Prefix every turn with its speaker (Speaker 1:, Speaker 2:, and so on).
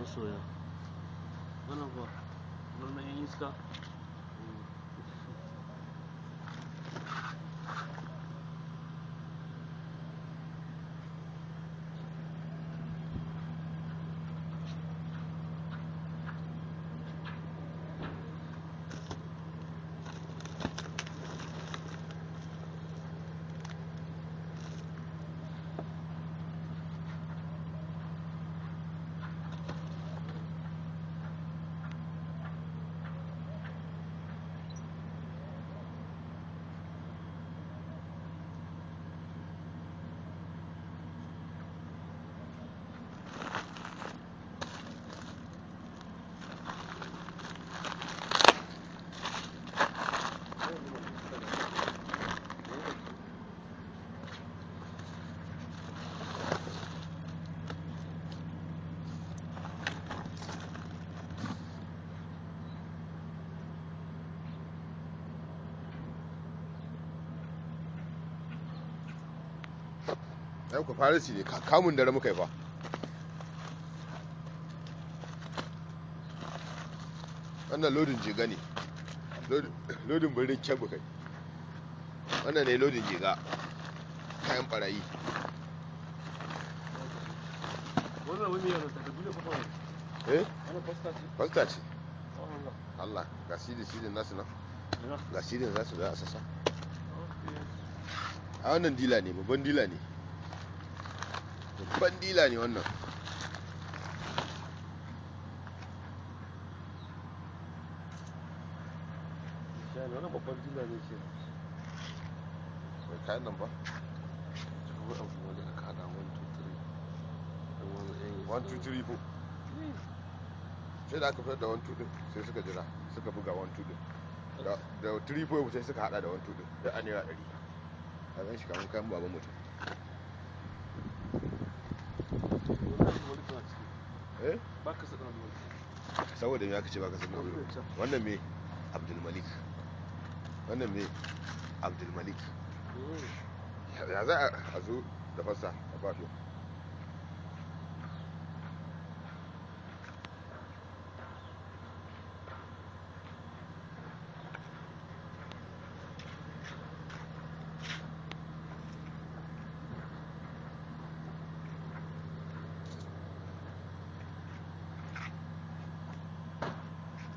Speaker 1: Nasıl ya? Bana bak. Bunun en iyisi ai ku farisi ne kamun dare muka yi ba wannan lodin jiga ne lodin birnin kebbi kai wannan ne lodin jiga kayan barayi wannan wani yana da dubu da kuma eh fasta ce fasta ce? Allah ga sidin sidin nasu nan ga sidin za su za a sassa a wannan dila ne babban dila ne babban dila ne wannan wannan babban dila ne ke kayan nan ba kuma abu wani a hada 1 2 3 1 2 3 4 sai da aka fitar da 1 2 din sai suka jira suka buga 1 2 din da 3 4 sai suka hada da 1 2 din da yi naira 100 ka gan shi kamar kayan baban mutum eh? saboda me aka ce baka san nauyi wannan me abdulmalik wannan me abdulmalik ya za a zo da fasa a fafiya